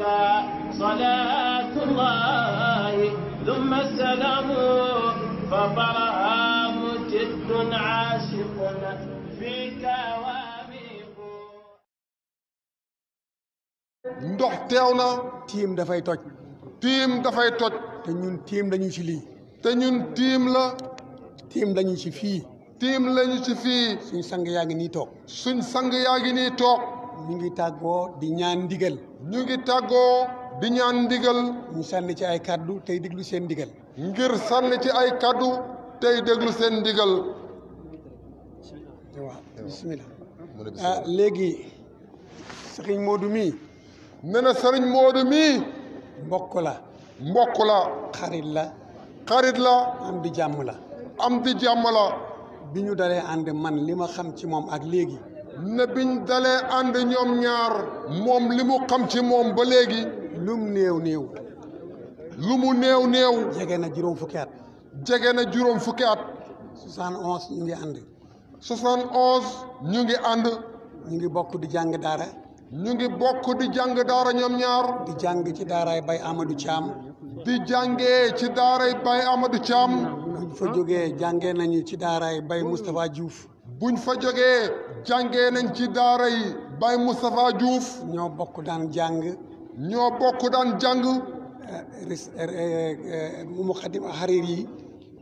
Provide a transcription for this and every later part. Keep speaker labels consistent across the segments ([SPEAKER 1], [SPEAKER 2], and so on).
[SPEAKER 1] عليك ndox teew na tiim dafay toj tiim dafay toj te ñun tiim lañu ci lii te ñun tiim la tiim lañu ci fii tiim lañu ci fii suñ sang yaa ngi nii toog suñ sang yaa ngi nii toog ñu ngi tàggoo di ñaan ndigal ñu ngi tàggoo di ñaan ndigal ñu sànni ci ay kàddu tey déglu seen ndigal ngir sànni ci ay kàddu tey déglu seen ndigal waaw ah, léegi sëriñ Moodu mi nee na sëriñ Moodu mii mbokk la mbokk la xarit la xarit la am di jàmm la am di jàmm la bi ñu dalee ànd man li ma xam ci moom ak léegi ne biñ dalee ànd ñoom ñaar moom li mu xam ci moom ba léegi lu mu néew néew lu mu néew néew jege na juróom fukki at jege na juróom fukki at soixante onze ñu ngi ànd soixante ñu ngi ànd ñu ngi bokk di jàng daara ñu ngi bokk di jàng daara ñoom ñaar di jàng ci daaray bay Amadou Thiam di jàngee ci daaray Baye Amadou Thiam buñ fa jógee jàngee nañu ci daaraay Baye Moustapha Diouf buñ fa jogee jàngee nañ ci daara yi Baye Diouf. ñoo bokk daan jàng. ñoo bokk daan jàng. Eh, ris er, eh, eh, muqaddim hariri.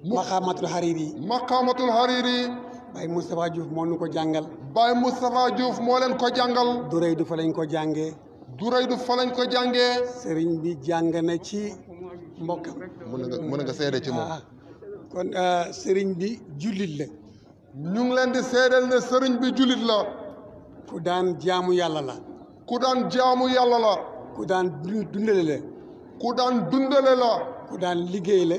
[SPEAKER 1] maqaamatul hariri. maqaamatul hariri. Baye Moustapha Diouf moo nu ko jàngal. Baye Moustapha Diouf moo leen ko jàngal. durey du fa lañ ko jàngee. durey du fa lañ ko jàngee. sëriñ bi jàng na ci mbokkam. mën nga mën nga seede ci moom. Ah, kon ah, sëriñ bi jullit la. ñu leen di seedeel ne sëriñ bi jullit la. ku daan jaamu yàlla la. ku daan jaamu yàlla la. ku daan dundale la. ku daan dundale la. ku daan liggéey la.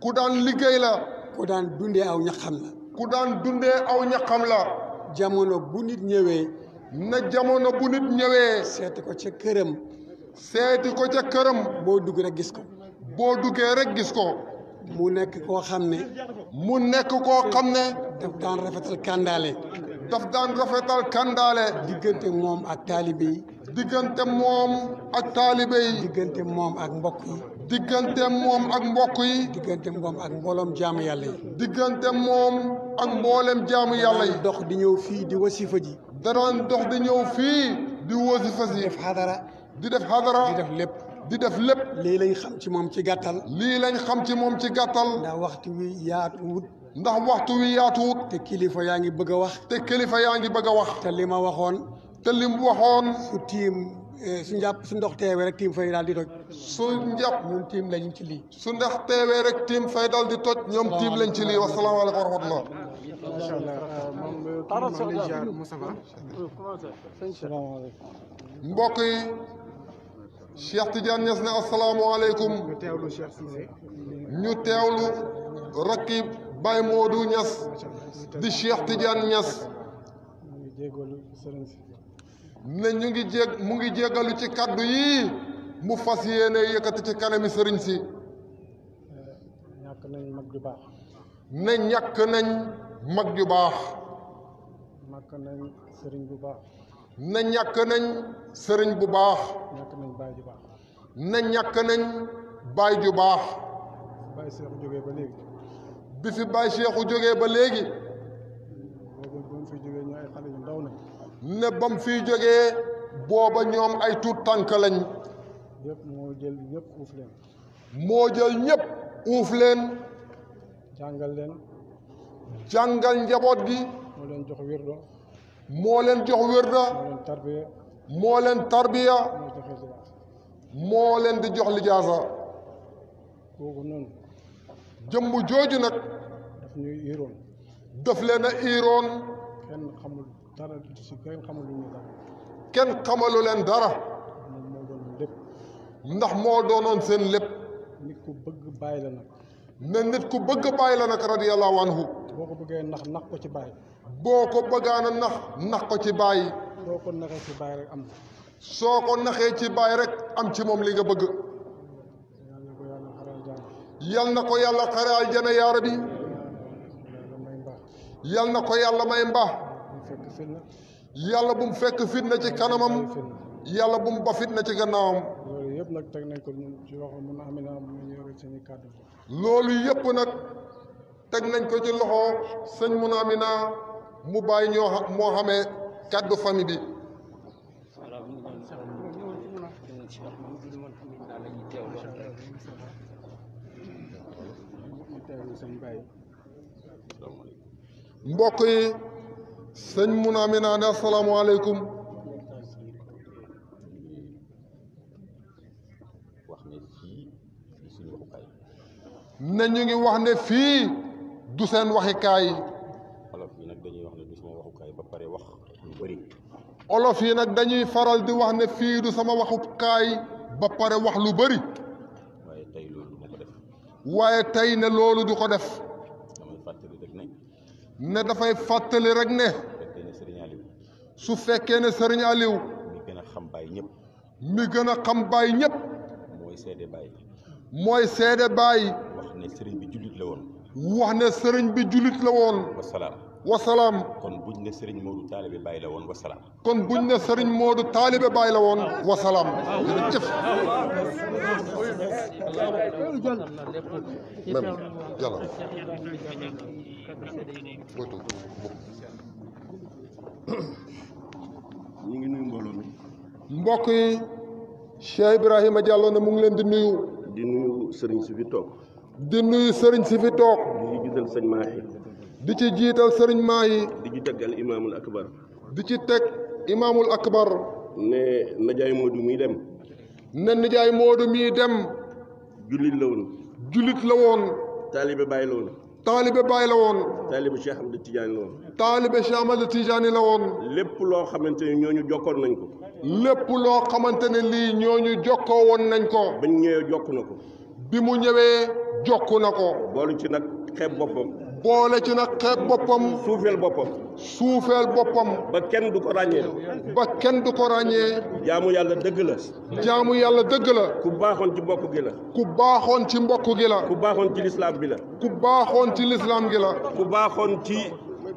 [SPEAKER 1] ku daan liggéey la. ku daan dundee aw ñaxam la. ku daan dundee aw ñaxam jamono bu nit ñëwee. na jamono bu nit ñëwee. seeti ko ca këram. seeti ko ca këram. boo dugg rek gis ko. boo duggee rek gis ko. mu nekk koo xam ne. mu nekk koo xam ne. daf daan rafetal kàndaale. daf daan rafetal kàndaale. diggante moom ak taalibe yi. diggante moom ak taalibe yi. diggante moom ak mbokk yi. diggante moom ak mbokk yi. diggante moom ak mbooloom jaamu yàlla yi. diggante moom ak mboolem jaamu yàlla yi. dox di ñëw fii di wasifa ji. da doon dox di ñëw fii di wasifa ji. di def hadara. di def hadara. di def lépp. di def lépp. lii lañ xam ci moom ci gàttal. lii lañ xam ci moom ci gàttal. ndax waxtu wi yaatuwut. ndax waxtu wi yaatuwut. te kilifa yaa ngi bëgg a wax. te kilifa yaa ngi bëgg a wax. te li ma waxoon. te li mu waxoon. su tiim eh, su njàpp su ndox teewee rek tiim fay daal di toj. su njàpp ñun tiim lañ ci lii. su ndax teewee rek tiim fay daal di toj. ñoom tiim lañ ci lii wasalaamaaleykum wa rahmatulah. macha allah. mbokk yi. Cheikh Tidiane Niass ne asalaamualeykum. ñu teewlu Cheikh Cissé. ñu teewlu rakki Baye di Cheikh Tidiane Niass. ne ñu ngi jég mu ngi jégalu ci kàddu yi mu fas yéene yëkkati ci kanami sëriñ si. ñàkk nañ mag baax. ne ñàkk nañ mag ju baax. ñàkk nañ sëriñ bu baax. ne ñàkk nañ sëriñ bu baax. baay ju baax. ne ñàkk nañ baay ju baax. baay seexu jógee ba léegi. bi fi baay seexu jógee ba léegi. ne ba mu jóge booba ñoom ay tuut tànk lañ. moo jël ñëpp uuf leen. moo jël ñëpp uuf leen. jàngal leen. jàngal njaboot gi. moo leen jox wirdo. moo leen jox moo leen tarbiya. moo leen di jox lijaasa kooku noonu jëmm jooju nag daf ñuy iroon daf leen a iroon
[SPEAKER 2] kenn xamul dara kenn xamalu ñu dara
[SPEAKER 1] kenn xamalu leen dara moo doonoon lépp ndax moo doonoon seen lépp
[SPEAKER 2] nit ku bëgg bàyyi la nag
[SPEAKER 1] ne nit ku bëgg bàyyi la nag radiyallahu anhu
[SPEAKER 2] boo ko bëggee nax nax ko ci bàyyi boo ko bëggaana nax nax ko ci bàyyi doo ko naxee ci bàyyi rek am na soo ko naxee
[SPEAKER 1] ci baay rek am ci moom li nga bëgg yal na ko yàlla xare aljana yaa rabbi yal na ko yàlla may mbaax yàlla bu mu fekk fitna ci kanamam yàlla bu mu ba na ci gannaawam loolu yëpp nag teg nañ ko ci loxo mun amina mu yore suñu kàddu nag teg nañ ko ci loxo sëñ mun amina mu bàyyi ñoo moo xamee
[SPEAKER 2] kàddu famille
[SPEAKER 1] bi mbokk yi sëñ mun a mi naa ne asalaamaaleykum ne ñu ngi wax ne fii du seen waxikaay
[SPEAKER 2] olof yi nag dañuy wax ne du sama waxukaay ba pare wax lu bëri
[SPEAKER 1] olof yi nag dañuy faral di wax ne fii du sama waxukaay ba pare wax lu bëri waaye tey ne loolu du ko def ne dafay fàttali rek ne su fekkee ne sëriñ Aliou
[SPEAKER 2] mi gën a xam baay ñëpp
[SPEAKER 1] mi gën a xam
[SPEAKER 2] mooy seede baay
[SPEAKER 1] mooy seede baay
[SPEAKER 2] wax ne sëriñ bi
[SPEAKER 1] jullit la woon wax ne sëriñ bi jullit la woon wasalaam wasalaam
[SPEAKER 2] kon buñ ne Serigne Modou taalibe Baye la woon wasalaam.
[SPEAKER 1] kon buñ ne sëriñ Modou taalibe Baye la woon wasalaam.
[SPEAKER 2] jërëjëf. même jàllal.
[SPEAKER 1] ñu ngi nuyu mbooloo mi. yi Cheikh Ibrahima ne mu ngi leen di nuyu. di nuyu Serigne si fi toog. di nuyu Serigne si fi toog. di ci jiital sëriñ maa yi. di ci teg al imaamul akbar. di ci teg imaamul akbar. ne Ndiaye Modou mii dem. ne Ndiaye Modou mii dem. jullit la woon. jullit la woon. taalibe bàyyi la woon. taalibe bàyyi la woon. taalibe Cheikh Ahmed Tidiane la woon. taalibe Cheikh Ahmed Tidiane la woon. lépp loo xamante ne ñooñu jokkoon nañ ko. lépp loo xamante ne lii ñooñu jokkoo woon nañ ko. ba ñu ñëwee jokk na ko. bi mu ñëwee jokk na ko. boolu ci nag xeeb boppam. boole ci nag xeeb boppam. suufeel boppam. suufeel boppam. ba kenn du ko ràññee. ba kenn du ko ràññee. jaamu yàlla dëgg la. jaamu yàlla dëgg la. ku baaxoon ci mbokk gi la. ku baaxoon ci mbokku gila la. ku baaxoon ci lislaam bi la. ku baaxoon ci lislaam gi la. baaxoon ci.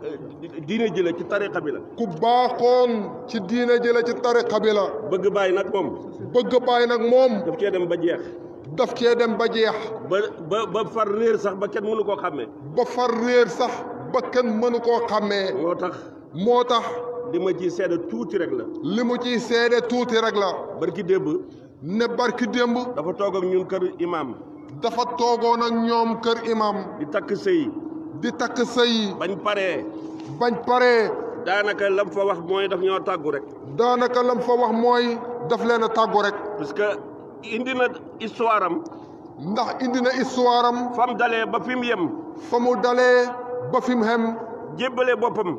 [SPEAKER 1] Eh, diine jële ci tariqa bi la. ku baaxoon ci diine jële ci tariqa bi bëgg bàyyi nag moom. bëgg bàyyi nag moom. daf cee dem ba jeex. daf cee dem ba jeex. ba ba ba far réer sax ba kenn mënu koo xàmmee. ba far réer sax ba kenn mënu koo xàmmee. moo tax moo tax. li ma ciy seede tuuti rek la. li mu ciy seede tuuti rek la. barki démb. ne barki démb. dafa toog ak ñun kër imaam. dafa toogoon ak ñoom kër imaam. di takk sëy. di takk sëy. bañ pare bañ paree. daanaka lam fa wax mooy daf ñoo tàggu rek. daanaka lam fa wax mooy daf leen a tàggu rek. indi na histoire am. ndax indi na histoire am. fa mu dalee ba fi yem. fa mu dalee ba fi mu boppam.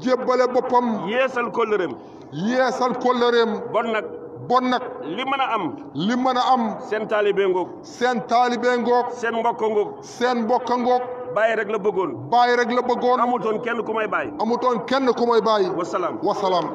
[SPEAKER 1] jébbale boppam. yeesal kóllëreem. yeesal kóllëreem. bon nag. bon nag. li mën a am. li mën a am. seen taalibe ngoog. seen taalibe ngoog. seen mbokk ngoog. seen mbokk ngoog. bàyyi rek la bëggoon. bàyyi rek la bëggoon. amutoon kenn ku may bàyyi. amutoon kenn ku may bàyyi. wasalaam wasalaam.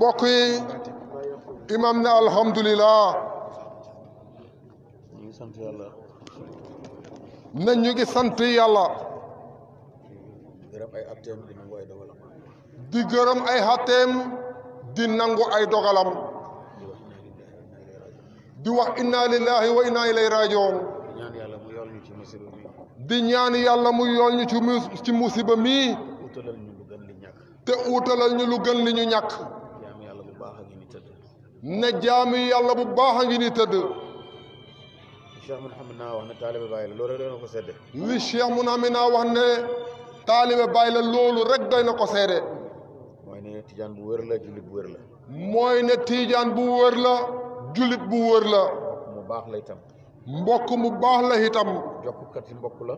[SPEAKER 1] Cheikh imam na alhamdulillah sant yàlla. na ñu ngi sant yàlla. di gërëm ay àtteem di nangu ay dogalam. di ay àtteem di nangu ay dogalam. di wax inna lillahi wa inna ilayhi lay di ñaan yàlla mu yool ñu ci musiba mi. di ñaan yàlla mu yool ñu ci musiba mi.
[SPEAKER 2] utalal lu gën li
[SPEAKER 1] ñàkk. te utalal ñu lu gën li ñu ñàkk. ne jaami yàlla bu baax a ngi ni tëdd.
[SPEAKER 2] cheikh mun xam naa wax ne taalibe bàyyi la loolu rek doy na ko seede. li cheikh mun xam
[SPEAKER 1] naa wax ne taalibe bàyyi la loolu rek doy na ko seede.
[SPEAKER 2] mooy ne tiijaan bu wër la jullit bu wër la.
[SPEAKER 1] mooy ne tiijaan bu wër la jullit bu wër la. mu baax la itam. mbokk mu baax la itam. jokkukati mbokk la.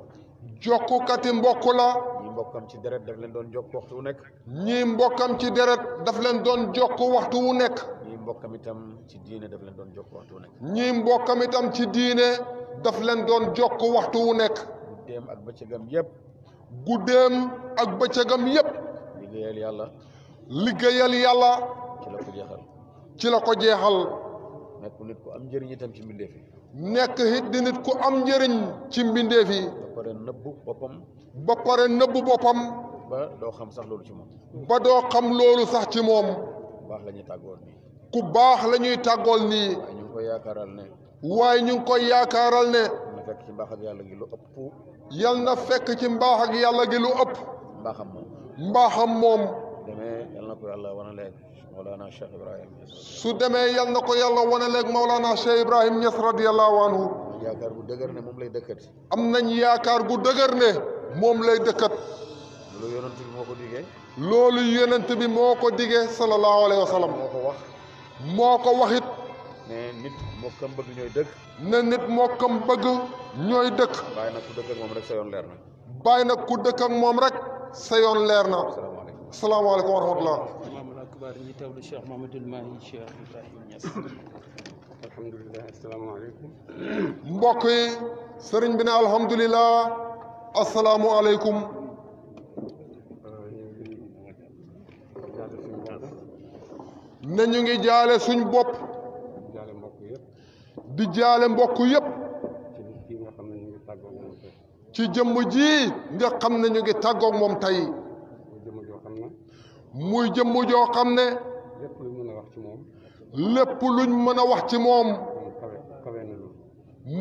[SPEAKER 1] jokkukati mbokk la. ñii mbokkam ci deret daf leen doon jokk waxtu wu nekk. ñii mbokkam ci deret daf leen doon jokk waxtu wu nekk.
[SPEAKER 2] mbokkam itam ci diine daf leen doon jokk waxtu wu
[SPEAKER 1] nekk. ñii mbokkam itam ci diine daf leen doon jokk waxtu wu nekk.
[SPEAKER 2] guddeem ak bëccëgam
[SPEAKER 1] yépp. guddeem ak bëccëgam yépp. liggéeyal yàlla. liggéeyal yàlla. ci la ko jeexal. ci la ko jeexal. nekk nit ku am njëriñ itam ci mbindeef yi. nekk it di nit ku am njëriñ ci mbindeef yi. ba pare nëbbu boppam.
[SPEAKER 2] ba doo xam sax loolu ci moom.
[SPEAKER 1] ba doo xam loolu sax ci moom. baax la ñuy ku baax lañuy tàggool nii waaye ñu koy yaakaaral ne
[SPEAKER 2] ñu ngi koy yaakaaral ne na fekk ci mbaax yàlla gi lu ëpp
[SPEAKER 1] yal na fekk ci mbaax ak yàlla gi lu ëpp mbaaxam moom mbaaxam moom
[SPEAKER 2] demee yal na ko yàlla wanaleeg Mawlana laa Ibrahim
[SPEAKER 1] su demee yal na ko yàlla wanaleeg Mawlana Cheikh Ibrahim Niass radiallahu anhu am nañ yaakaar gu dëgër ne moom lay dëkkat am nañ yaakaar gu dëgër ne moom lay dëkkat
[SPEAKER 2] loolu yonent bi moo ko digee
[SPEAKER 1] loolu yonent bi moo ko digee sallallahu alayhi wa sallam ko wax moo ko waxit
[SPEAKER 2] ne nit moo kam bëgg
[SPEAKER 1] ñooy dëkk ne nit moo kam bëgg ñooy dëkk bàyyi nag ku dëkk moom rek sa yoon leer na bàyyi nag ku dëkk moom rek sa yoon leer na asalaamaaleykum wa rahmatullah
[SPEAKER 2] imaamul akbar ñi teewlu Cheikh Mamadul Mahi Cheikh Ibrahima Niass
[SPEAKER 1] mbokk sëriñ bi ne alhamdulilah asalaamualeykum ne ñu ngi jaale suñ bopp di jaale mbokk yëpp ci jëmm ji nga xam ne ñu ngi tàggoog moom tey muy jëmm joo xam ne
[SPEAKER 2] lépp luñ mën a wax ci moom
[SPEAKER 1] lépp luñ mën a wax ci moom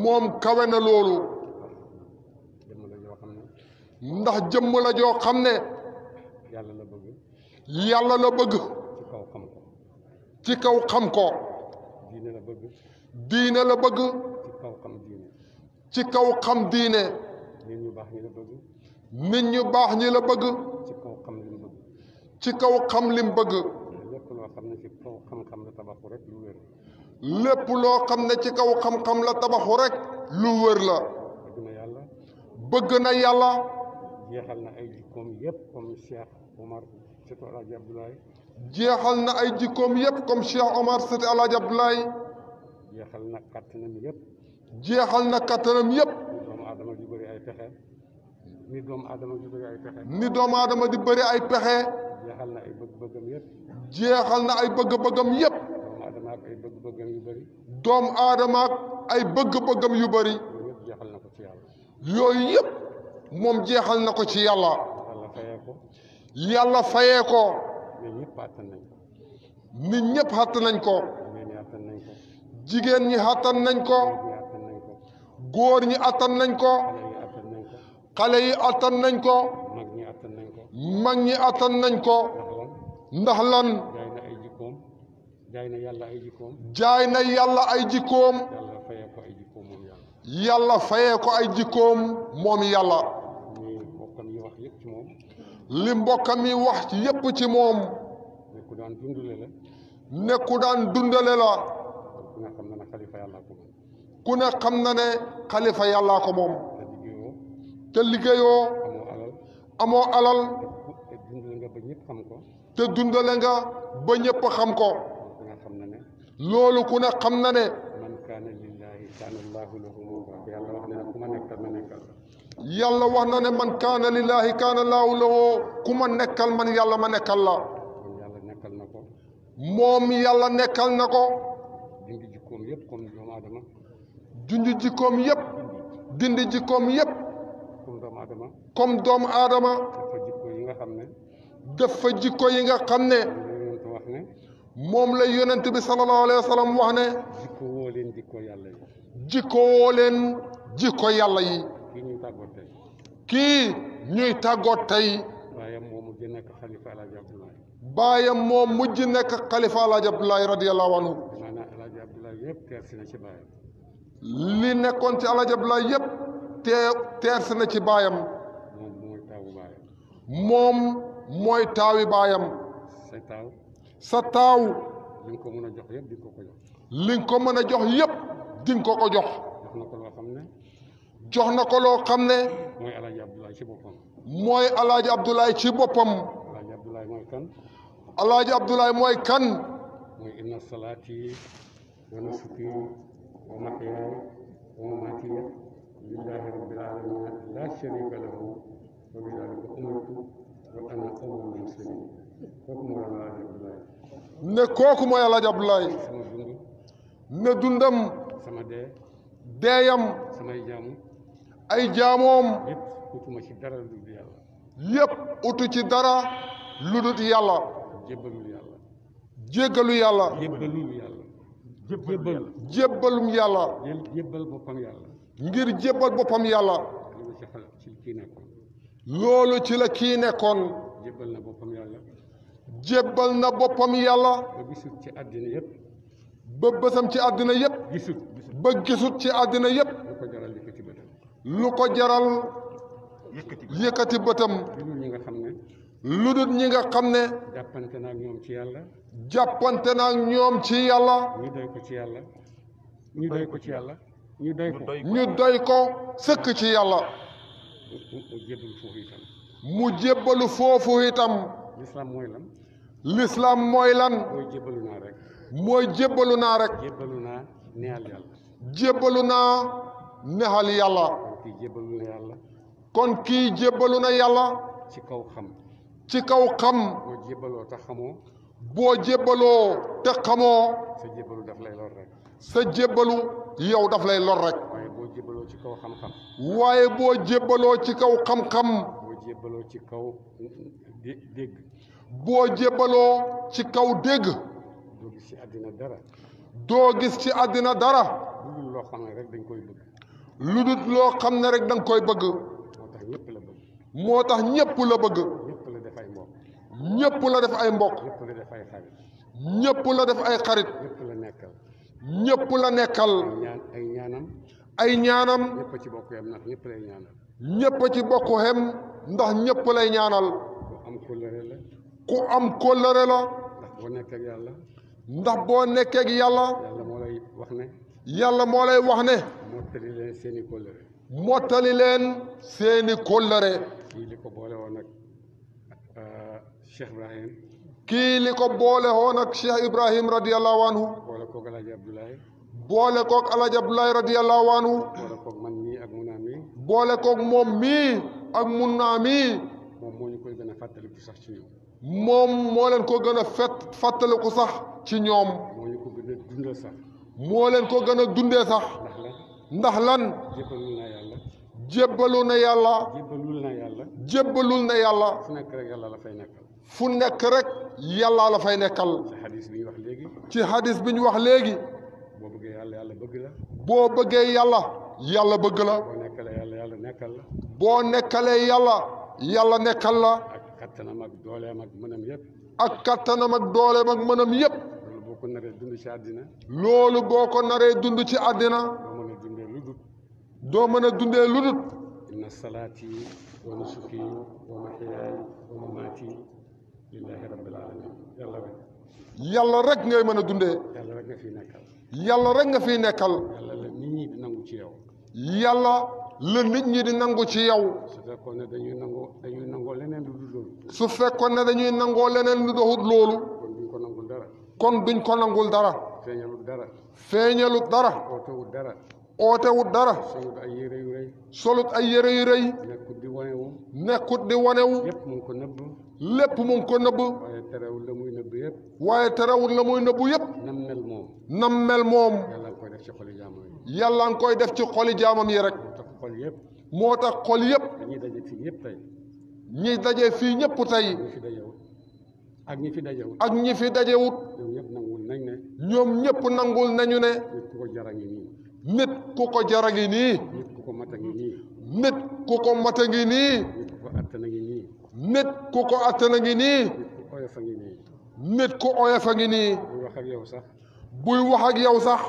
[SPEAKER 1] moom kawe na loolu ndax jëmm la joo xam ne yàlla la bëgg yàlla la bëgg ci kaw xam ko diine la bëgg diine la bëgg ci kaw xam diine
[SPEAKER 2] ci nit ñu baax ñi la bëgg
[SPEAKER 1] nit baax ñi la bëgg
[SPEAKER 2] ci kaw xam lim bëgg ci kaw xam lim bëgg lépp loo xam ne ci kaw xam-xam la tabaxu rek lu wér loo xam ne ci kaw xam la tabaxu rek lu wér la bëgg na yàlla bëgg na yàlla jeexal na ay jikkoom yépp comme Cheikh Omar Cheikh Alaaji Abdoulaye
[SPEAKER 1] jeexal na ay jikkoom yépp comme Cheikh Omar Seydi El Hadj Abdoulaye
[SPEAKER 2] jeexal na kattanam yépp jeexal na kattanam yépp ni doom aadama di bëri ay pexe. ni doomu adama di bëri ay pexe. jeexal na ay bëgg-bëggam yépp.
[SPEAKER 1] jeexal na ay bëgg-bëggam yépp.
[SPEAKER 2] doomu aadama yu bëri.
[SPEAKER 1] doomu aadama ay bëgg yu bëri.
[SPEAKER 2] yooyu yépp na ko ci yàlla.
[SPEAKER 1] yooyu moom jeexal na ko ci yàlla. yàlla fayee ñëpp àttan nañ ko. nit ñëpp àttan nañ ko. jigéen ñi àttan nañ ko. góor ñi àttan nañ ko. xale yi àttan nañ ko. mag ñi àttan nañ ko. ndax lan.
[SPEAKER 2] jaay na ay jikkoom. jaay na yàlla ay jikkoom.
[SPEAKER 1] jaay na yàlla ay ko ay jikkoom moom yàlla. li mbokkam yi wax yépp ci moom.
[SPEAKER 2] daan dundale la. daan dundale la.
[SPEAKER 1] ku ne xam na ne xalifa yàllaa ko moom. xam ko moom. te liggéeyoo. amoo alal. te dundale nga ba ñëpp xam ko. te dundale nga ba ñëpp xam ko. loolu ku ne xam na ne.
[SPEAKER 2] yàlla wax na ne nekkal ma nekkal
[SPEAKER 1] yàlla man kaana lillahi kaana allahu lahu ku ma nekkal man yàlla ma nekkal la. moom yàlla nekkal na ko.
[SPEAKER 2] dindi jikkoom yëpp comme doomu aadama.
[SPEAKER 1] dindi jikkoom yëpp. dindi jikkoom
[SPEAKER 2] comme doomu aadama.
[SPEAKER 1] comme doomu dafa jikko yi nga xam ne. dafa jikko yi nga xam ne. moom lay yonent bi sallallahu alayhi wa wax ne.
[SPEAKER 2] jikko leen jikko yàlla yi.
[SPEAKER 1] jikko leen jikko yàlla yi. kii
[SPEAKER 2] ñuy tàggoo tey.
[SPEAKER 1] kii ñuy tàggoo tey.
[SPEAKER 2] baayam moo mujj nekk xalifa alaaji abdoulaye
[SPEAKER 1] radiallahu anhu li nekkoon ci alaaji abdoulaye yépp tee teersi na ci baayam moom mooy taawi baayam sa taaw
[SPEAKER 2] li nga ko mën a jox yépp di ko ko jox ko mën a jox yépp di nga ko ko
[SPEAKER 1] jox jox na ko loo xam ne mooy alaaji abdoulaye ci boppam
[SPEAKER 2] alaaji abdoulaye mooy kan mooy inna salaati wa nusuki wa mahyaaya wa mamaatiya lillahi rabbil lahu wa bi daalika umirtu wa ana awwalul muslimiin kooku mooy alaaji abdoulaye ne kooku dundam sama
[SPEAKER 1] deeyam ay jaamoom
[SPEAKER 2] yépp
[SPEAKER 1] ci dara lu dul jébbalul yàlla. jéggalu yàlla. jébbalul yàlla. jébbalum yàlla.
[SPEAKER 2] ngir jébbal boppam yàlla. loolu ci la kii nekkoon. jébbal na boppam yàlla. jébbal na
[SPEAKER 1] boppam yàlla. ba gisut ci àddina yépp. ba ci àddina yépp. gisut ci àddina yépp.
[SPEAKER 2] lu ko jaral
[SPEAKER 1] yëkkati bëtam. lu dul ñi nga xam ne.
[SPEAKER 2] jàppante na ak ñoom ci
[SPEAKER 1] yàlla. na ñoom ci yàlla. ñu doy ko ci ñu doy ko ko ñu sëkk ci yàlla. mu jébbalu foofu itam. foofu itam.
[SPEAKER 2] lislaam mooy lan.
[SPEAKER 1] lislaam mooy lan. mooy jébbalu naa rek. mooy jébbalu naa rek. jébbalu naa neexal yàlla. kon kii jébbalu na yàlla. kon na yàlla.
[SPEAKER 2] ci kaw xam.
[SPEAKER 1] ci kaw xam. boo jébbaloo te xamoo. boo jébbaloo te xamoo.
[SPEAKER 2] sa jébbalu daf lay lor rek.
[SPEAKER 1] sa jébbalu yow
[SPEAKER 2] daf lay lor rek. waaye boo jébbaloo ci kaw xam-xam. waaye boo jébbaloo ci kaw xam-xam. ci kaw dégg. boo jébbaloo ci kaw dégg. doo gis ci àddina dara. doo gis ci àddina dara. lu dul loo xam ne rek dañ koy
[SPEAKER 1] bëgg. loo xam ne rek dañ koy moo
[SPEAKER 2] tax ñëpp bëgg. moo tax ñëpp la bëgg.
[SPEAKER 1] ñëpp la def ay mbokk. ñëpp la def ay xarit.
[SPEAKER 2] ñëpp la def ay xarit. ñëpp la nekkal. la nekkal.
[SPEAKER 1] ay ñaanam. ay ñaanam.
[SPEAKER 2] ñëpp ci bokk yem ndax ñëpp lay ñaanal. ñëpp a ci bokk yem
[SPEAKER 1] ñëpp lay ñaanal. ku am kóllëre la. ku am ndax boo nekkee ak yàlla.
[SPEAKER 2] ndax boo yàlla. yàlla moo lay wax ne.
[SPEAKER 1] yàlla moo lay wax ne.
[SPEAKER 2] mottali leen seeni kóllëre. mottali leen ko boole woon nag. Cheikh Ibrahim.
[SPEAKER 1] kii li ko boole woon ak Cheikh Ibrahim radiyallahu anhu. boole koog Alaaji Abdoulaye. boole koog Alaaji Abdoulaye radiyallahu anhu. boole koog mii ak mun naa boole koog moom mii ak mun naa mii.
[SPEAKER 2] moom moo ñu koy gën a sax ci ñoom.
[SPEAKER 1] moo leen ko gën a fett fàttaliku sax ci ñoom. moo ko gën leen ko gën a dundee sax. ndax lan. jébbalu na yàlla. yàlla. jébbalul na yàlla. jébbalul na yàlla.
[SPEAKER 2] fu yàlla la fay nekkal. fu nekk rek yàllaa la fay nekkal. ci hadis bi ñu wax léegi. ci hadis bi ñu wax léegi. boo bëggee yàlla yàlla bëgg la. boo bëggee yàlla
[SPEAKER 1] yàlla bëgg la. boo
[SPEAKER 2] nekkalee yàlla yàlla nekkal la. boo nekkalee yàlla yàlla nekkal la. ak kattanam ak dooleem ak mënam yëpp.
[SPEAKER 1] ak kattanam ak dooleem ak mënam yëpp.
[SPEAKER 2] loolu boo ko naree dund ci àddina.
[SPEAKER 1] loolu boo ko naree dund ci àddina. doo
[SPEAKER 2] mën dundee ludut. doo mën a dundee ludut. inna salaati wa nusuki wa mahyaaya lillahi rabbil alamin yàlla rek.
[SPEAKER 1] yàlla rek ngay mën a dundee.
[SPEAKER 2] yàlla rek nga fiy nekkal.
[SPEAKER 1] yàlla rek nga fiy nekkal.
[SPEAKER 2] la nit ñi di nangu ci yow.
[SPEAKER 1] yàlla la nit ñi di nangu ci yow.
[SPEAKER 2] su fekkoon ne dañuy nangoo dañuy nangoo leneen lu dul
[SPEAKER 1] su fekkoon ne dañuy nangoo leneen lu doxut loolu.
[SPEAKER 2] kon duñ ko nangul dara.
[SPEAKER 1] kon duñ ko nangul dara.
[SPEAKER 2] feeñalut dara.
[SPEAKER 1] feeñalut dara. ootewut dara. solut ay yére yu rëy. solut ay yére yu rëy. nekkut di wanewu. nekkut di wanewu. lépp mu ko nëbb. lépp mu ko nëbb.
[SPEAKER 2] waaye terewul la muy nëbb yëpp. waaye terewul
[SPEAKER 1] la muy nëbb yëpp.
[SPEAKER 2] nam mel moom. nam moom. yàlla nga koy def ci
[SPEAKER 1] xoli jaamam yi. yàlla nga koy def ci xoli jaamam yi rek. moo tax xol yëpp.
[SPEAKER 2] ñi daje fii ñëpp
[SPEAKER 1] tey. daje fii ñëpp tey.
[SPEAKER 2] ak ñi fi dajewut. ak
[SPEAKER 1] ñi fi dajewut.
[SPEAKER 2] ñoom ñëpp nangul nañu ne.
[SPEAKER 1] ñoom ñëpp nangul nañu ne.
[SPEAKER 2] nit ku
[SPEAKER 1] nit ku ko jara ngi nii. nit ku ko mata ngi nii. nit ku ko attana ngi nii. nit ku ko attana ngi nii. nit ku oyofa ngi ngi nii.
[SPEAKER 2] buy wax ak yow sax.
[SPEAKER 1] buy wax yow sax.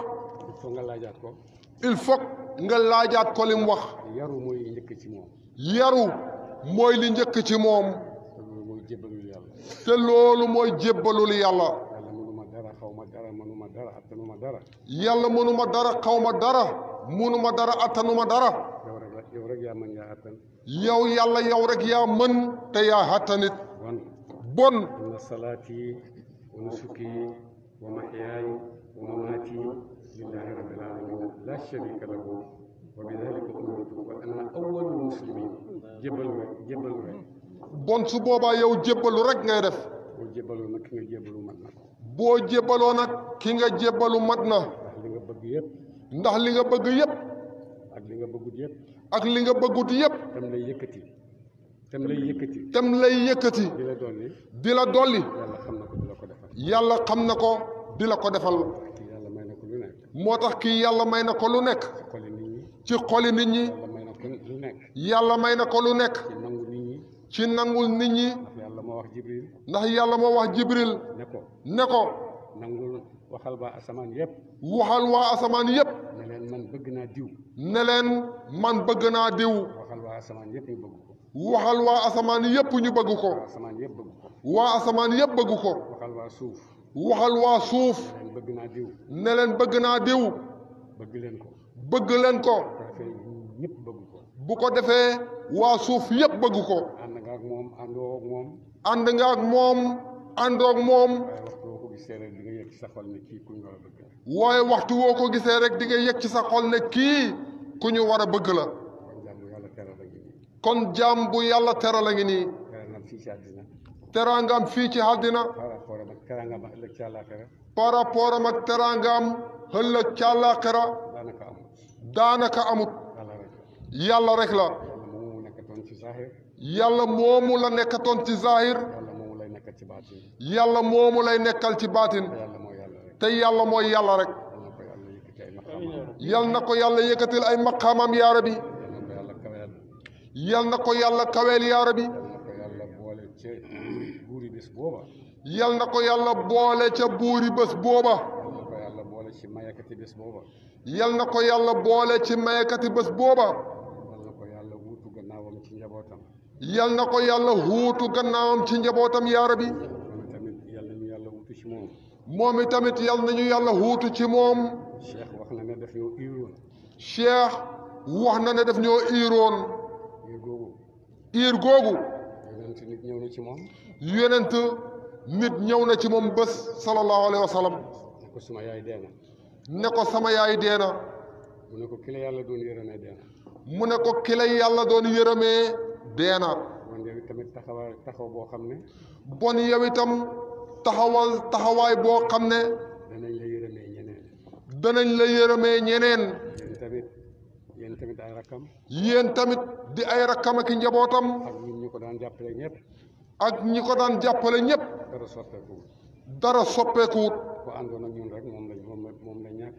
[SPEAKER 2] il faut nga laajaat ko.
[SPEAKER 1] il faut laajaat ko lim wax.
[SPEAKER 2] yaru mooy li njëkk ci moom.
[SPEAKER 1] yaru mooy li njëkk ci moom. te loolu mooy jébbalul yàlla.
[SPEAKER 2] dara attanuma dara.
[SPEAKER 1] yàlla mënuma dara ma dara mënuma dara attanuma dara.
[SPEAKER 2] yow rek yow rek yaa mën yaa attan.
[SPEAKER 1] yow yàlla yow rek yaa
[SPEAKER 2] mën te yaa attanit. bon bon. salaati wa nusuki wa mahyaaya wa mamaati lillahi rabbil aalamiin laa shariika lahu wa bidaalika umirtu wa ana awwalul muslimiin jébal rek
[SPEAKER 1] bon su boobaa yow jébalu rek ngay def. boo jébbaloo nag ki nga jébbalu mat na
[SPEAKER 2] ndax li nga bëgg yëpp
[SPEAKER 1] ndax li nga bëgg yëpp
[SPEAKER 2] ak li nga bëggut
[SPEAKER 1] yëpp ak li nga bëggut yëpp
[SPEAKER 2] tam lay yëkkati
[SPEAKER 1] tam lay yëkkati tam lay yëkkati di la dolli yàlla xam na ko di la ko defal yàlla xam na ko di la ko defal yàlla may moo tax kii yàlla may na ko lu nekk ci xoli nit ñi yàlla may na ko lu nekk ci nangul nit ñi ndax
[SPEAKER 2] yàlla moo wax jibril
[SPEAKER 1] ndax yàlla moo wax jibril ne ko
[SPEAKER 2] nangul waxal waa asamaan yëpp waxal waa asamaan yëpp ne leen man bëgg naa diw ne leen man bëgg naa diw waxal waa asamaan yëpp ñu bëgg ko waxal wa asamaan yëpp ñu bëgg ko waa yëpp bëgg ko waa yëpp bëgg ko waxal waa suuf
[SPEAKER 1] waxal wa suuf
[SPEAKER 2] ne bëgg naa diw
[SPEAKER 1] ne leen bëgg naa diw bëgg leen ko bëgg leen ko ñëpp ko bu ko defee waa suuf yëpp bëgg ko
[SPEAKER 2] ànd nga ak moom àndoo ak moom
[SPEAKER 1] ànd nga moom àndoog moom waaye waxtu woo ko gisee rek di nga ci sa xol ne kii ku ñu war a bëgg la kon jaam bu yàlla teral a ngi nii teraangaam fii ci àddina par rapport am ak teraangaam ëllëg ca daanaka amut yàlla rek la yàlla moomu la nekkatoon ci zahir yàlla moomu lay nekkal ci baatin te yàlla mooy yàlla rek yal na ko yàlla yëkkatil ay maqaamam yaa rabbi yal na ko yàlla kaweel yaa rabbi yal na ko yàlla boole ca buuri bés booba
[SPEAKER 2] yal na ko yàlla boole ci maykati bés booba
[SPEAKER 1] yal na ko yàlla huutu gannaawam ci njabootam yaa rabbi ci moom. moom itamit yal nañu yàlla wuutu ci moom.
[SPEAKER 2] cheikh wax na ne def ñoo iiroon.
[SPEAKER 1] cheikh wax na ne daf ñoo iiroon. iir googu. iir googu.
[SPEAKER 2] nit ñëw na ci moom.
[SPEAKER 1] yonent nit ñëw na ci moom bés. sallallahu alayhi wa sallam.
[SPEAKER 2] ne ko sama yaay
[SPEAKER 1] deena. ne ko sama yaay deena. mu ne ko ki yàlla doon yërëmee deena. mu ne ko ki yàlla doon yërëmee deena. bon yow xam ne. itam. taxawal taxawaay boo xam ne danañ la yërëmee ñeneen danañ la yërëmee ñeneen
[SPEAKER 2] yéen tamit yéen tamit di ay rakkam ak njabootam ak ñu ko daan jàppale ñëpp ak ko daan jàppale ñëpp dara soppeekuwut
[SPEAKER 1] dara soppeekuwut
[SPEAKER 2] ku àndoon ak ñun rek moom lañ moom lañ ñàkk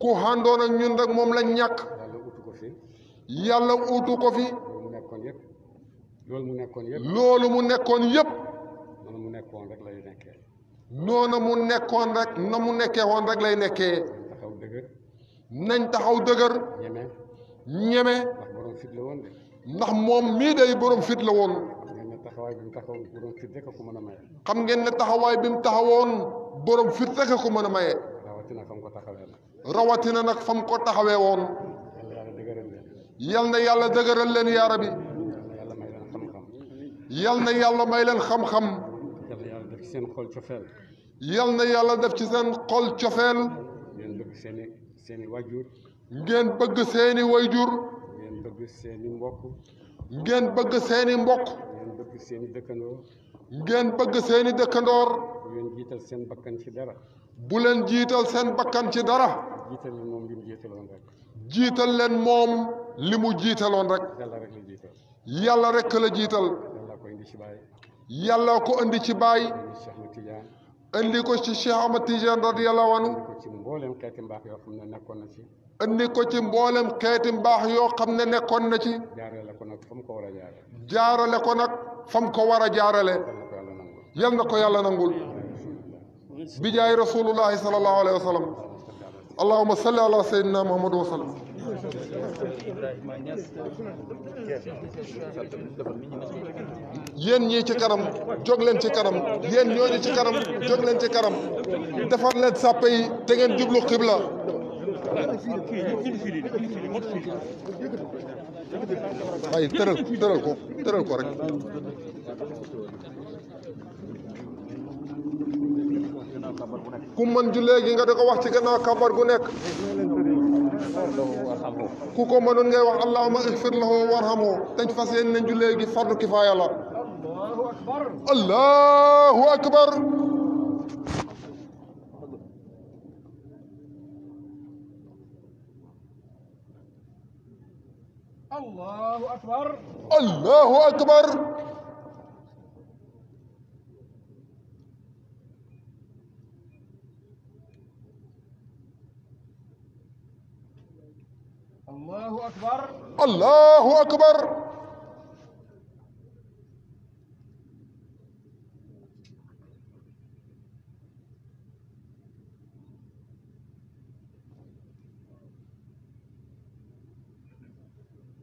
[SPEAKER 2] ku àndoon ak ñun rek moom lañ ñàkk ko fi yàlla ko fi loolu mu nekkoon yëpp mu nekkoon yëpp loolu mu nekkoon yëpp noona
[SPEAKER 1] mu nekkoon rek na mu nekkee woon rek lay nekkee. taxaw dëgër. nañ taxaw dëgër. ñeme. ñeme. ndax
[SPEAKER 2] borom fit la woon de.
[SPEAKER 1] ndax moom mii day borom fit la woon.
[SPEAKER 2] xam ngeen ne taxawaay
[SPEAKER 1] bi mu taxawoon borom fit rek a ko mën a maye.
[SPEAKER 2] rawatina fam ko taxawee nag.
[SPEAKER 1] rawatina nag fam ko taxawee woon. yal na yàlla dëgëral leen yaara bi.
[SPEAKER 2] yàlla may leen xam-xam.
[SPEAKER 1] yal na yàlla may leen xam-xam. ci seen xol cofeel yal na yàlla def ci seen xol cofeel ngeen bëgg seen i seen i wajur ngeen bëgg seen i wayjur
[SPEAKER 2] ngeen bëgg seen i mbokk
[SPEAKER 1] ngeen bëgg seen i mbokk
[SPEAKER 2] ngeen bëgg dëkkandoor ngeen bëgg seen dëkkandoor bu jiital seen bakkan ci dara bu leen jiital seen bakkan ci dara jiital leen moom li mu jiitaloon rek
[SPEAKER 1] jiital leen moom li mu jiitaloon rek yàlla rek la jiital yàlla rek jiital
[SPEAKER 2] yàlla ko indi ci baay
[SPEAKER 1] yàlla ko indi ci baay indi ko ci Cheikh Ahmad Tidiane radiyallahu anhu indi
[SPEAKER 2] ko ci mboolem xeeti mbaax yo xam ne nekkoon na ci
[SPEAKER 1] indi ko ci mboolem xeeti mbaax yoo xam ne nekkoon na ci
[SPEAKER 2] jaarale ko nag fam ko war a jaarale
[SPEAKER 1] jaarale ko nag fam ko war a jaarale yal na ko yàlla nangul bijaay rasulullahi sallallahu alayhi wa sallam allahumma salli ala sayyidina muhammad yéen ñii ci kanam jóg leen ci kanam yéen ñooñu ci kanam jóg ci kanam defar leen sàpp yi te ngeen jublu xibla
[SPEAKER 2] ay tëral tëral ko tëral ko rek ku
[SPEAKER 1] mën ju léegi nga di ko wax ci gannaaw kàmbar gu nekk ku ko mënoon ngay wax allahuma ixfir lahu warhamu dañ fas yéen nañ jullee gi fardu kifaaya la allahu akbar
[SPEAKER 2] allahu akbar
[SPEAKER 1] allahu akbar الله أكبر الله أكبر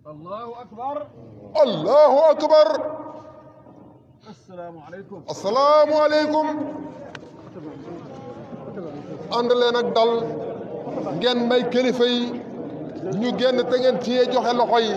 [SPEAKER 1] الله أكبر الله أكبر السلام عليكم السلام عليكم ànd leen ak dal ngeen may kilifa yi ñu génn te ngeen téye joxe loxo yi